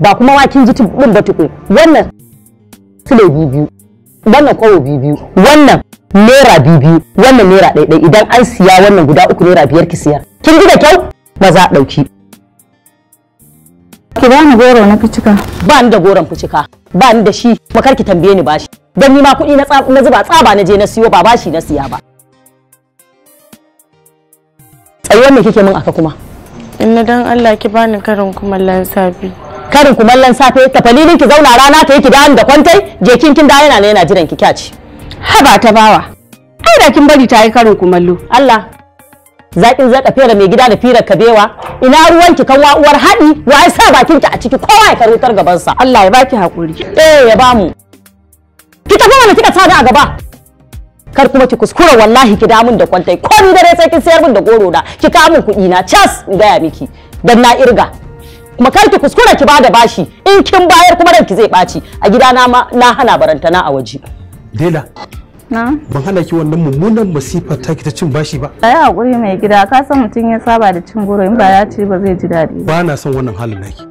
ba kuma wakin ji din ba tukun wannan sule biyu wannan kwabo biyu wannan naira biyu wannan naira ɗaya idan an siya wannan guda uku naira biyar ki siya kin ji da kyau ba za a ɗauki. ki ba ni goro na kicika. ba ni da goron kicika ba ni da shi kar ki tambaye ni bashi dan ni ma kuɗi na zuba tsaba na je na siyo ba bashi na siya ba tsayuwar me kike min aka kuma in na dan Allah ki bani karin kumallon safi karin kumallon safe ka falilin ki zauna rana ta yi ki da da kwantai je kin kin da yana ne yana jiran ki kyaci haba ta bawa ai da kin bari ta yi karin kumallo Allah zakin zaka fera mai gida da firar kabewa ina ruwan ki kan uwar haɗi wa ai sa bakin ki a ciki kowa ya karutar gaban sa Allah ya baki hakuri eh ya bamu ki tafi mana kika tsada a gaba kar kuma ki kuskura wallahi ki damun da kwantai ko ni dare sai kin sayar min da goro da ki kawo min kuɗi na cas in gaya miki dan na irga kuma kar ki kuskura ki bada bashi in kin bayar kuma ranki zai ɓaci a gida na ma na hana barantana a waje dela ban hana ki wannan mummunan masifa ta ta cin bashi ba ai hakuri mai gida ka san mutum ya saba da cin goro in ba ya ci ba zai ji daɗi ba na son wannan halin naki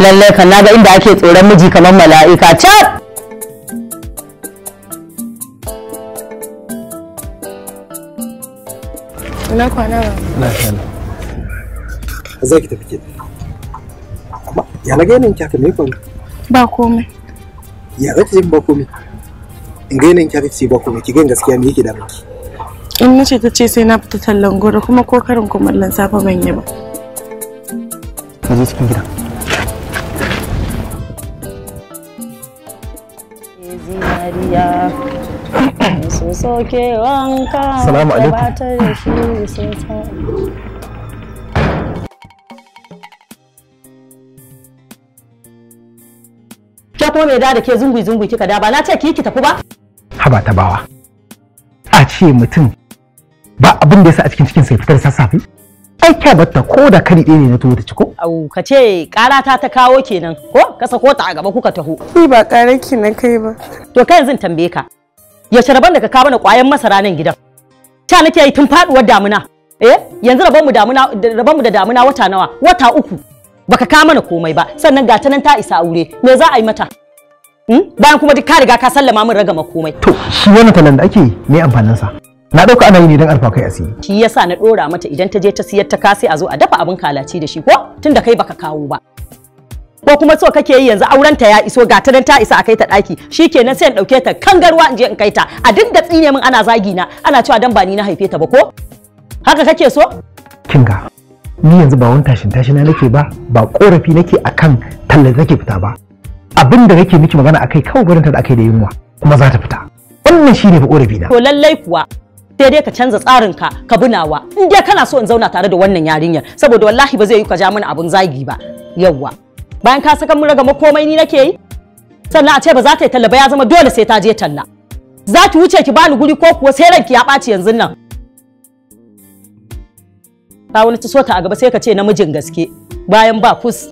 lallai kan naga inda ake tsoron miji kamar mala'ika can Ina kwana ba. Ina kwana. Zai ki tafi ke. Amma ya na gainin ki me faru? Ba komai. Ya zaki jin ba komai. In gane ki haka ki ba komai ki ga gaskiya me yake da miki? In mace ta ce sai na fita tallan goro kuma ko karin kumallon safa ban yi ba. Ka zo cikin gida. maria. Eh, soke wanka salamu alaikum ke ko me da da ke zungui zungui kika da ba na ce kiki ki tafi ba haba ta bawa a ce mutum ba abin da yasa a cikin cikin sai fitar sassafe ai kya kyabatta ko da kari ɗaya ne na tuwo ta ciko au ka ce ƙara ta kawo kenan ko ka sako ta a gaba kuka taho ni ba karaki na kai ba to kai yanzu tambaye ka yaushe rabon da ka kawo mana ƙwayan masara nan gidan ta nake yi tun faduwar damuna eh yanzu rabon mu damuna rabon mu da damuna wata nawa wata uku baka kawo mana komai ba sannan gata nan ta isa aure me za a yi mata hmm? bayan kuma duk ka riga ka sallama min ragama komai to shi wannan talan da ake me amfanin sa na ɗauka ana yi ne don alfa kai asiri shi yasa na ɗora mata idan ta je ta siyar ta kasi a zo a dafa abin kalaci da shi ko tunda kai baka kawo ba ko kuma so kake yi yanzu auren ta ya iso ga ta ta isa a kai ta daki shikenan sai in dauke ta kangarwa in je in kai ta a duk da tsine min ana zagi na ana cewa dan ba ni na haife ta ba ko haka kake so kinga ni yanzu ba wani tashin tashi na nake ba ba korafi nake akan tallar zake fita ba abin da nake miki magana akai kawai gurin ta da akai da yunwa kuma za ta fita wannan shine fa korafi na to lallai kuwa sai dai ka canza tsarin ka ka bunawa in dai kana so in zauna tare da wannan yarinyar saboda wallahi ba zai yi ka ja mana abun zagi ba yawwa bayan ka saka mun ragama komai ni nake yi sannan a ce ba za ta yi talla ba ya zama dole sai ta je talla za ki wuce ki bani guri ko kuwa sai ranki ya ɓaci yanzu nan ta wani ta so ta a gaba sai ka ce namijin gaske bayan ba kus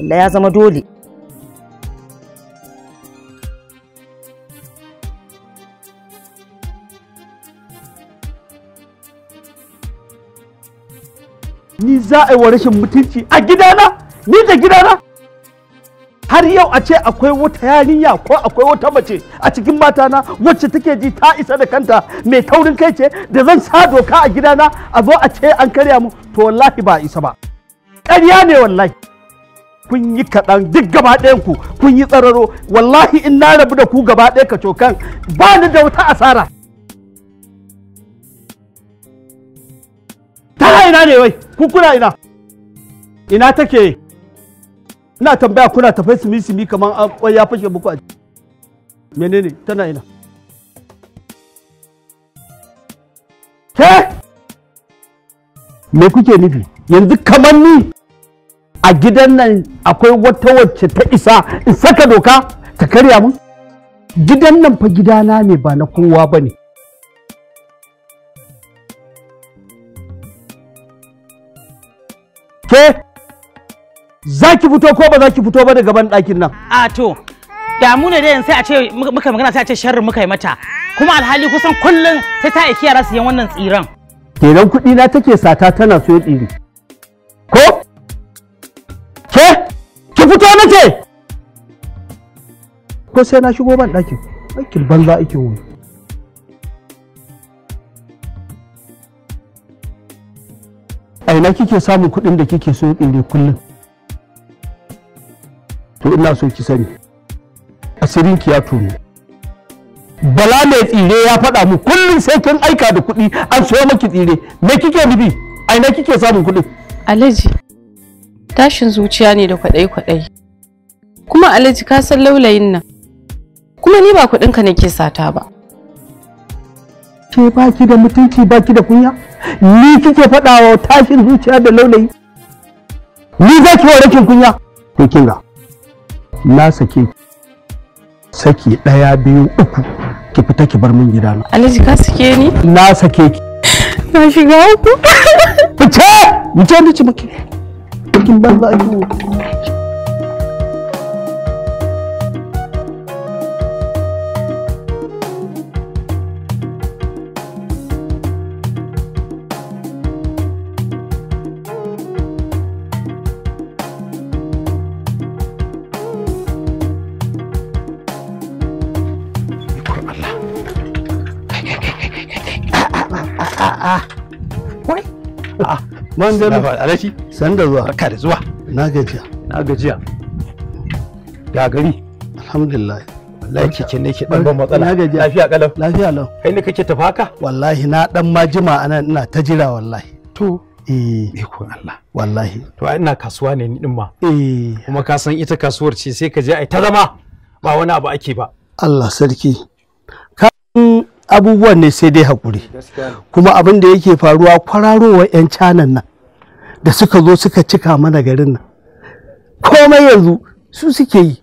Allah ya zama dole ni za a yi wa rashin mutunci a gidana ni da gidana har yau a ce akwai wata yarinya ko akwai wata mace a cikin matana wacce take ji ta isa da kanta mai taurin kai ce da zan sa doka a gidana a zo a ce an karya mu to wallahi ba isa ba ƙarya ne wallahi kun yi kaɗan duk gaba ku kun yi tsararo wallahi in na rabu da ku gaba ɗaya ka cokan ba ni da wata asara ta ina ne wai ku kuna ina ina take ina tambaya kuna tafai misi mi kaman an ya fashe muku a menene tana ina ke me kuke nufi yanzu kamar ni a gidan nan akwai wata wacce ta isa in saka doka ta karya mun gidan nan fa gidana ne ba na kowa ba ne ke za ki fito ko ba za ki fito ba daga ban ɗakin nan a to damu ne dai sai a ce muka magana sai a ce sharrin muka yi mata kuma alhali kusan kullum sai ta aiki yara su yi wannan tsiran kenan kuɗi na take sata tana so tsiri ko ke ki fito nake ko sai na shigo ban ɗakin ɗakin banza ake wuri a ina kike samun kuɗin da kike so ɗere kullum to ina so ki sani asirin ki ya tono bala mai tsire ya faɗa mu kullum sai kin aika da kuɗi an so maki tsire me kike nufi a ina kike samun kuɗin alhaji tashin zuciya ne da kwaɗai-kwaɗai kuma alhaji ka san laulayin nan kuma ni ba kuɗinka nake sata ba ke ki da mutunci ki da kunya ni kike faɗa wa tashin zuciya da laulayi ni za ki wa rashin kunya to kinga na sake saki ɗaya biyu uku ki fita ki bar min na alhaji ka sake ni na sake ki na shiga uku ce mu ce ni ci maki kin za ki man gano alashi san da zuwa barka da zuwa na gajiya na gajiya ga gari alhamdulillah wallahi kike ne ke ɗan ban matsala na gajiya lafiya kalau lafiya lau kai ne kake tafi haka wallahi na ɗan ma jima ana ina ta jira wallahi to eh ikon Allah wallahi to ai ina kasuwa ne ni din ma eh kuma ka san ita kasuwar ce sai ka je ai ta zama ba wani abu ake ba Allah sarki ka abubuwan ne sai dai hakuri kuma abin da yake faruwa kwararowar 'yan canan nan da suka zo suka cika mana garin nan komai yanzu su suke yi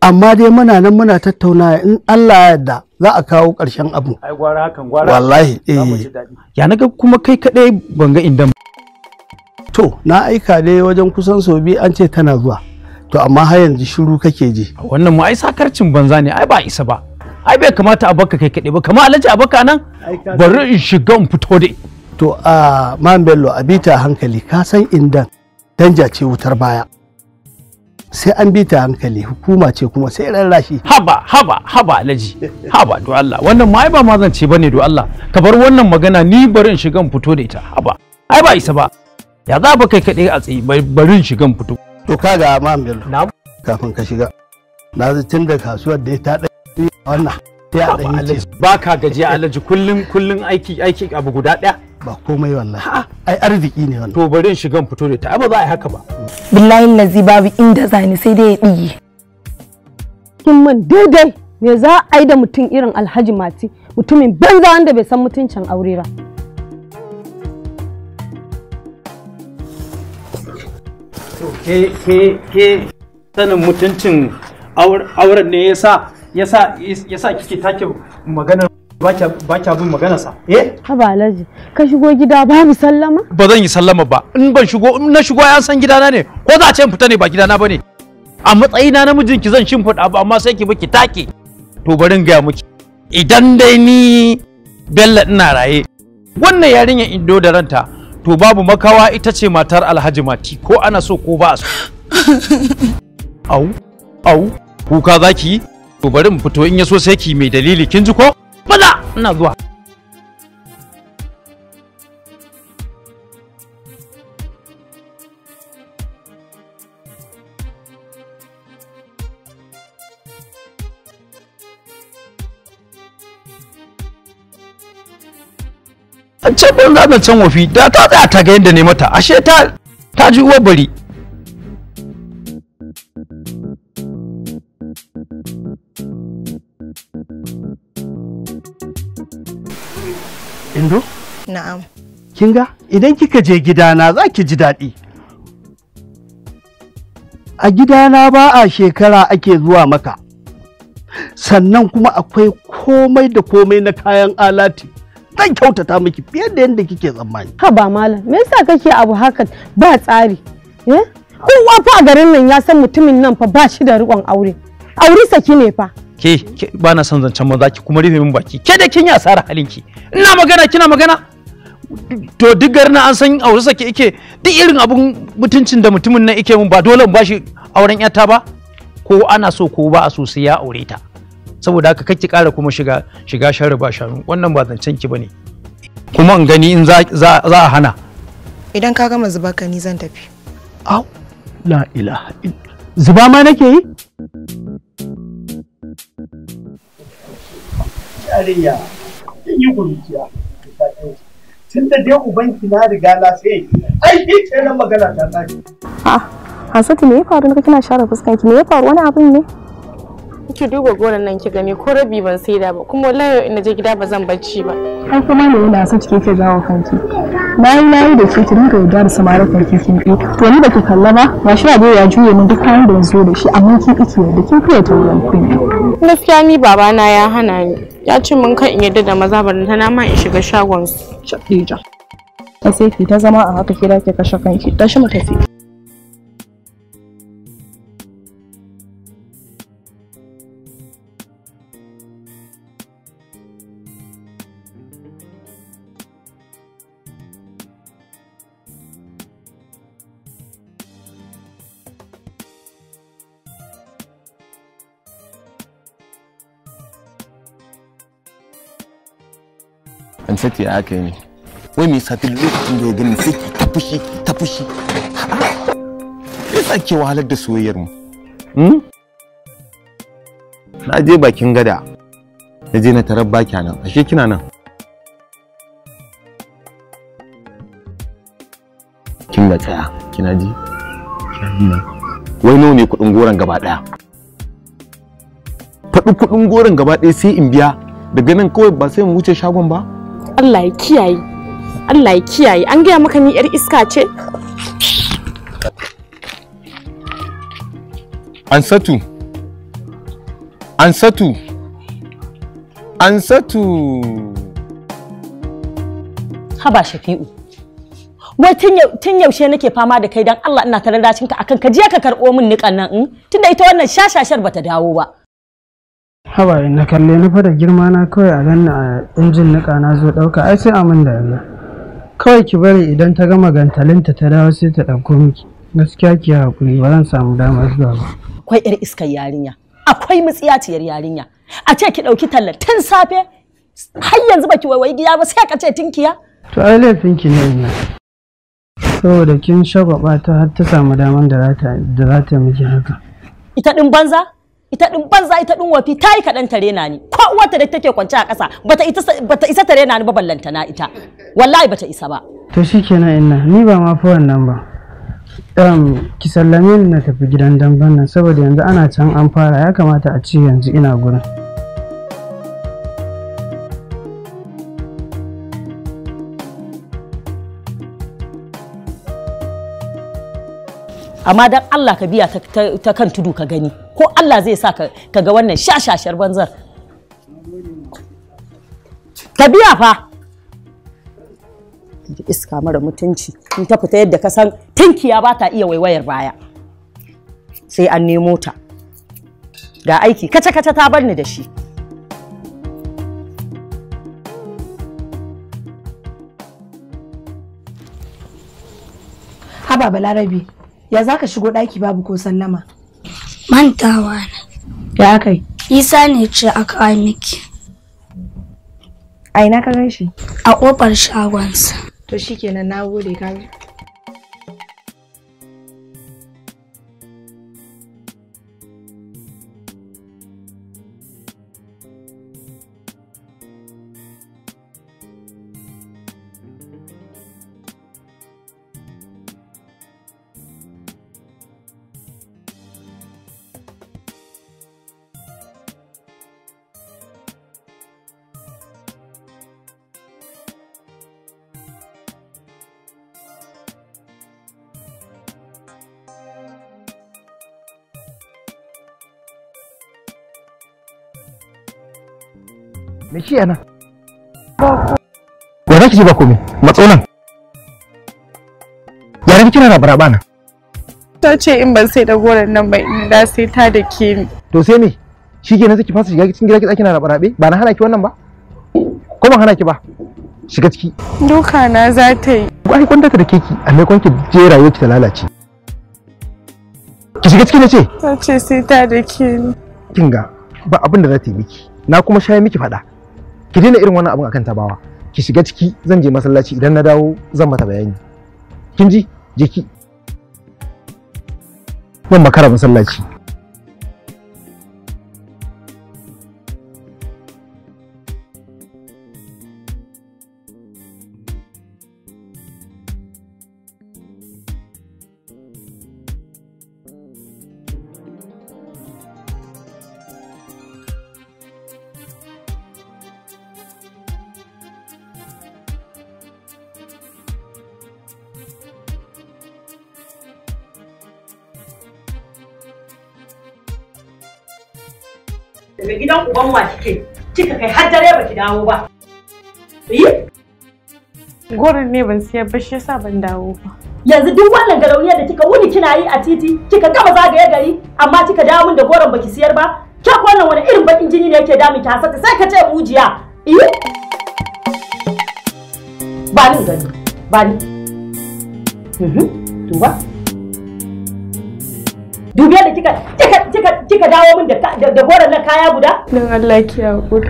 amma dai muna nan muna tattauna in Allah ya yarda za a kawo ƙarshen abu ai gwara hakan gwara wallahi eh ya naga kuma kai kadai ban ga inda to na aika dai wajen kusan sau biyu an ce tana zuwa to amma har yanzu shiru kake ji wannan mu ai sakarcin banza ne ai ba isa ba ai bai kamata a baka kai kadai ba kamar alaji a baka nan bari in shiga in fito dai to a man bello a bita hankali ka san indan danja ce wutar baya sai an bita hankali hukuma ce kuma sai rarrashi haba haba haba alaji haba do Allah wannan ma ai ba mazance bane do Allah ka bar wannan magana ni barin shigan fito da ita haba ai ba isa ba ya za ba kai kaɗai a tsayi barin shigan fito to kaga man bello kafin ka shiga na ji tun da kasuwar da ta dace wannan sai a ɗanyi ba ka gajiya alaji kullum kullum aiki aiki abu guda ɗaya ba komai wallahi ai arziki ne wannan to bari shigan fito da ta ba za a yi haka ba billahi lazi babu inda zani sai dai ya dige kin man daidai me za a yi da mutum irin alhaji mati mutumin banza wanda bai san mutuncin aure ba ke ke ke sanin mutuncin auren ne yasa yasa yasa kike take maganar ba kya bin maganarsa eh haba alhaji ka shigo gida ba mu sallama ba zan yi sallama ba in ban shigo in na shigo an san gidana ne ko za a ce in fita ne ba gidana bane a matsayina na mijinki zan shimfiɗa ba, amma sai ki baki take to bari in gaya miki idan dai ni bella ina raye wannan yarinyar indo da ranta to babu makawa ita ce matar alhaji mati ko ana so ko ba a so au au kuka zaki to bari in fito in ya so sai ki mai dalili kin ji ko maza ina zuwa can ban can wafi da ta tsaya ta ga yadda ne mata ashe ta ta ji uwar bari Indo? Na'am. Kin idan kika je gidana za ki ji daɗi. A gidana ba a shekara ake zuwa maka. Sannan kuma akwai komai da komai na kayan alati. Zan kyautata miki fiye da yadda kike tsammani. ba malam, me yasa kake abu haka ba tsari? Eh? Kowa fa a garin nan ya san mutumin nan fa ba shi da riƙon aure. Aure saki ne fa. ke ba na son zancen maza ki kuma rufe min baki ke da kin yi asara halinki ina magana kina magana to duk na an san aure sake ike duk irin abun mutuncin da mutumin nan ike mun ba dole in bashi auren yata ba ko ana so ko ba a so sai ya aure ta saboda haka kake kara kuma shiga shiga sharri ba shanu wannan ba zancen ki bane kuma in gani in za a hana idan ka gama zuba ka ni zan tafi au la ilaha zuba ma nake yi tsariya in yi kuruciya tun da dai ubanki na riga na sai ai ke kenan magana ta tsaki. Ah, Hansatu me ya faru na kina share fuskanki me ya faru wani abin ne? ki duba goron nan ki gani ko rabi ban saida ba kuma wallahi in je gida ba zan bacci ba har kuma ne ina so kike ke jawo kanki nayi nayi da ki dinga yarda da samarar kanki kin ki to ni baki kalla ba ba shi abu ya juye mun duk kayan da yanzu da shi amma kin kike yadda kin fiye ta wurin Na gaskiya ni baba na ya hana ni ya ce mun kan in yadda da maza barin ta na ma in shiga shagon su ta sai ki ta zama a haka kira ki kashe kanki shi mu tafi an saki ya aka yi ne wai me yasa duk lokacin da ya gani saki ta fushi ta fushi yasa ke wahalar da soyayyar mu na je bakin gada na je na tarar baki nan ashe kina nan kin ga tsaya kina ji wai nawa ne kudin goron gaba daya faɗi kudin goron gaba daya sai in biya daga nan kawai ba sai mu wuce shagon ba Allah ya kiyaye Allah ya kiyaye an gaya maka ni yar iska ce ansatu ansatu ansatu haba shafi'u wai tun yaushe nake fama da kai don Allah ina ta dacin akan ka je ka karɓo min niƙan nan hmm? tunda ita wannan shashashar bata dawo ba hawaye na kalle na fada girma na kawai a ganna a injin nika na zo dauka ai sai amin dariya kawai ki bari idan ta gama gantalinta ta dawo sai ta dauko miki gaskiya ki hakuri ba zan samu damar zuwa ba akwai yar iskar yarinya akwai mutsiyaciyar yarinya a ce ki dauki tallar tun safe har yanzu baki waiwayi giya ba sai ka ce tinkiya to ai laifin ki ne ina saboda kin shagwaba ta har ta samu damar da za ta miki haka ita din banza ita din banza ita din wafi ta yi kaɗan tare na ni ko uwarta da take kwance a kasa bata isa bata isa tare na ni ba ballanta na ita wallahi bata isa ba to shikenan inna ni ba ma fa nan ba um, ki sallame ni na tafi gidan dan nan saboda yanzu ana can an fara ya kamata a ce yanzu ina gurin amma dan Allah ka biya ta kan tudu ka gani ko Allah zai sa ka ga wannan shashashar banzar ka biya fa iska mara mutunci in ta fita yadda ka san tinkiya ba ta iya waiwayar baya sai an nemo ta ga aiki kace-kace ta barni da shi haba balarabi ya zaka shigo ɗaki babu ko sallama mantawa na ya kai isa ne ce aka miki a ina ka gan shi a ƙofar shagonsa to shikenan na gode ka kenan ya za ki ji ba komai matsonan ya rage kina rabara bana ta ce in ban sai da goron nan ba in da sai ta da ke ni to sai me shi kenan sai ki fasa shiga cikin gida ki tsaki na rabarabe ba na hana ki wannan ba ko ban hana ki ba shiga ciki duka na za ta yi ai kun ta da keki a mai ki je rayuwar ki ta lalace ki shiga ciki na ce ta ce sai ta da ke ni kin ba abin da za ta yi miki na kuma shaye miki faɗa ki daina irin wannan abin akan tabawa ki shiga ciki zan je masallaci idan na dawo zan mata bayani kin ji je ki ban makara masallaci daga gidan uban wa kike kika kai har dare baki dawo ba yi gorin ne ban siyar ba shi yasa ban dawo ba yanzu duk wannan garauniyar da kika wuni kina yi a titi kika gama zagaye gari amma kika dawo min da goron baki siyar ba kya wannan wani irin bakin jini ne yake damun ta hasata sai ka ce mujiya yi ba ni gani ba ni mhm, duba dubiyar da kika kika kika dawo min da da goran na kaya guda dan Allah ki hakuri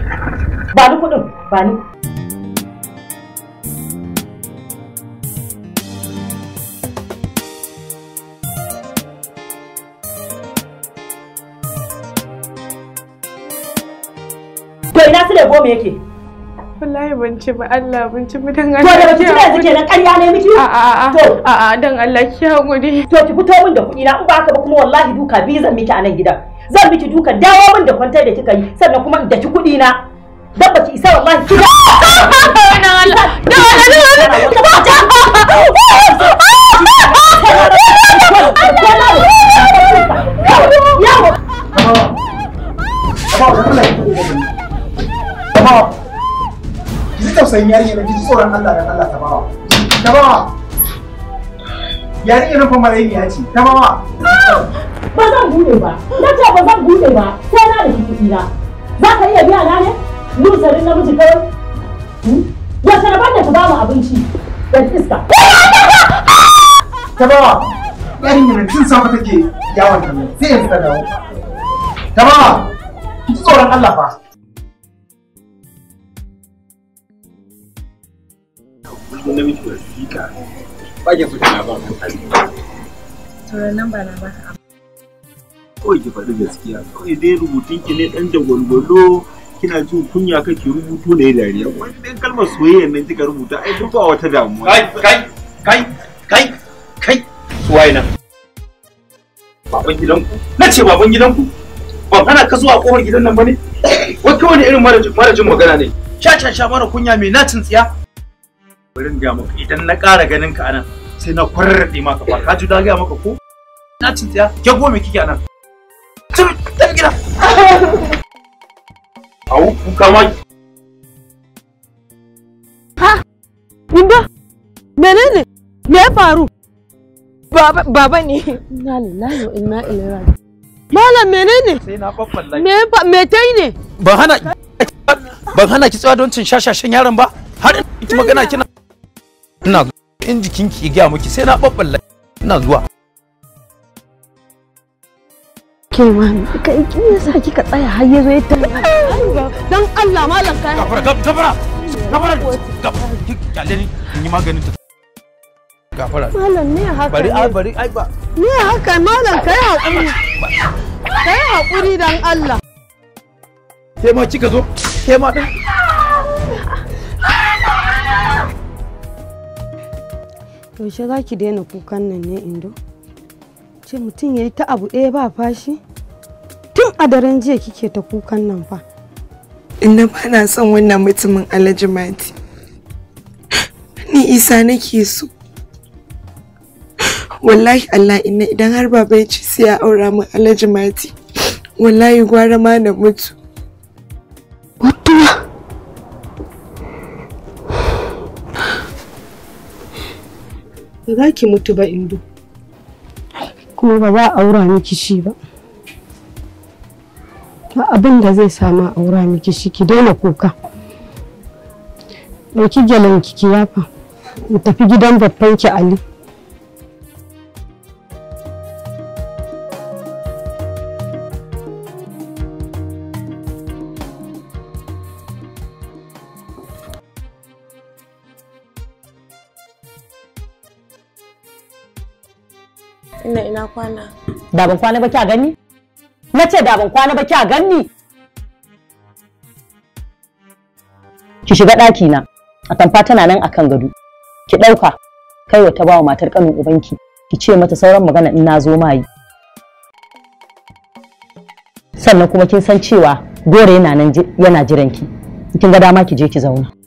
ba ni kudin ba ni To ina su da goma yake? wallahi ban ci ba Allah ban ci ba dan Allah to da kike yanzu kenan ƙarya ne miki a a to a a dan Allah ki hakuri to ki fito min da kuɗi na in ba haka ba kuma wallahi duka bi zan miki a nan gidan zan miki duka dawo min da kwantar da kika yi sannan kuma da ki kuɗi na dan baki isa wallahi ki da Allah da Allah da Allah tausayin yarinya da ji tsoron Allah da Allah ta bawa yarinya na famar ya ce ta bawa ba zan bude ba na ce ba zan bude ba sai na da kuɗi na za ka iya biya na ne lusarin namiji kawai hmm? wata rabar da ka ba mu abinci da iska ta bawa yarinya na cin safa take yawon kallon sai yanzu ka dawo ta bawa tsoron Allah fa na miki wasiƙa ba ki fita na ba mu kai to nan kawai ki faɗi gaskiya kawai dai rubutun ki ne dan gwalgwalo, kina jin kunya kake rubutu ne dariya wani dan kalmar soyayya nan kika rubuta ai duk ba wata damuwa kai kai kai kai kai suwaye nan baban gidanku na ce baban gidanku ban kana ka zuwa kofar gidan nan ba ne? wai kawai irin mara jin magana ne sha sha sha mara kunya mai nacin tsiya Wurin ga maka idan na ƙara ganin ka anan sai na kwarraɗe maka ba ka ji da ga maka ko? Na cin tsaya ke gome kike anan. Tun tafi gida. Au ku ma. Ha? Inda? Menene? Me ya faru? Baba baba ne. Inna lillahi wa inna ilaihi Malam menene? Sai na faffalla. Me me tai ne? Ban hana ban hana ki tsawa don cin shashashin yaron ba. Har ki magana kina ina zuwa in jikinki ya gaya miki sai na babballa ina zuwa ke ma kai ki ne sa kika tsaya har yazo ya tafi dan Allah malam kai kafara kafara kafara kafara ki kalle ni in yi maganin ta kafara malam ne haka bari ai bari ai ba ne haka malam kai hakuri kai hakuri dan Allah ke ma kika zo ke ma dan yaushe za ki daina kukan nan ne indo ce mutum ya yi ta abu ɗaya ba fashi tun a daren jiya kike ta kukan nan fa inda ba na son wannan mutumin alhaji mati ni isa nake so wallahi allah inna idan har baba ya ci sai ya aura min alhaji mati wallahi gwara ma na mutu mutuwa Ba za ki mutu ba Indo. Kuma ba za a aura miki shi ba. Ba abin da zai sama aura miki shi ki daina kuka. Ɗauki gyalen ki kiyafa Ki tafi gidan babban ki Ali. da ban kwana ba kya gani na da ban kwana ba kya gani ki shiga ɗaki na atamfa tana nan akan gado ki ɗauka kai wata bawa matar kanin ubanki ki ce mata sauran magana in na zo ma yi sannan kuma kin san cewa gore yana nan yana jiranki kin ga dama ki je ki zauna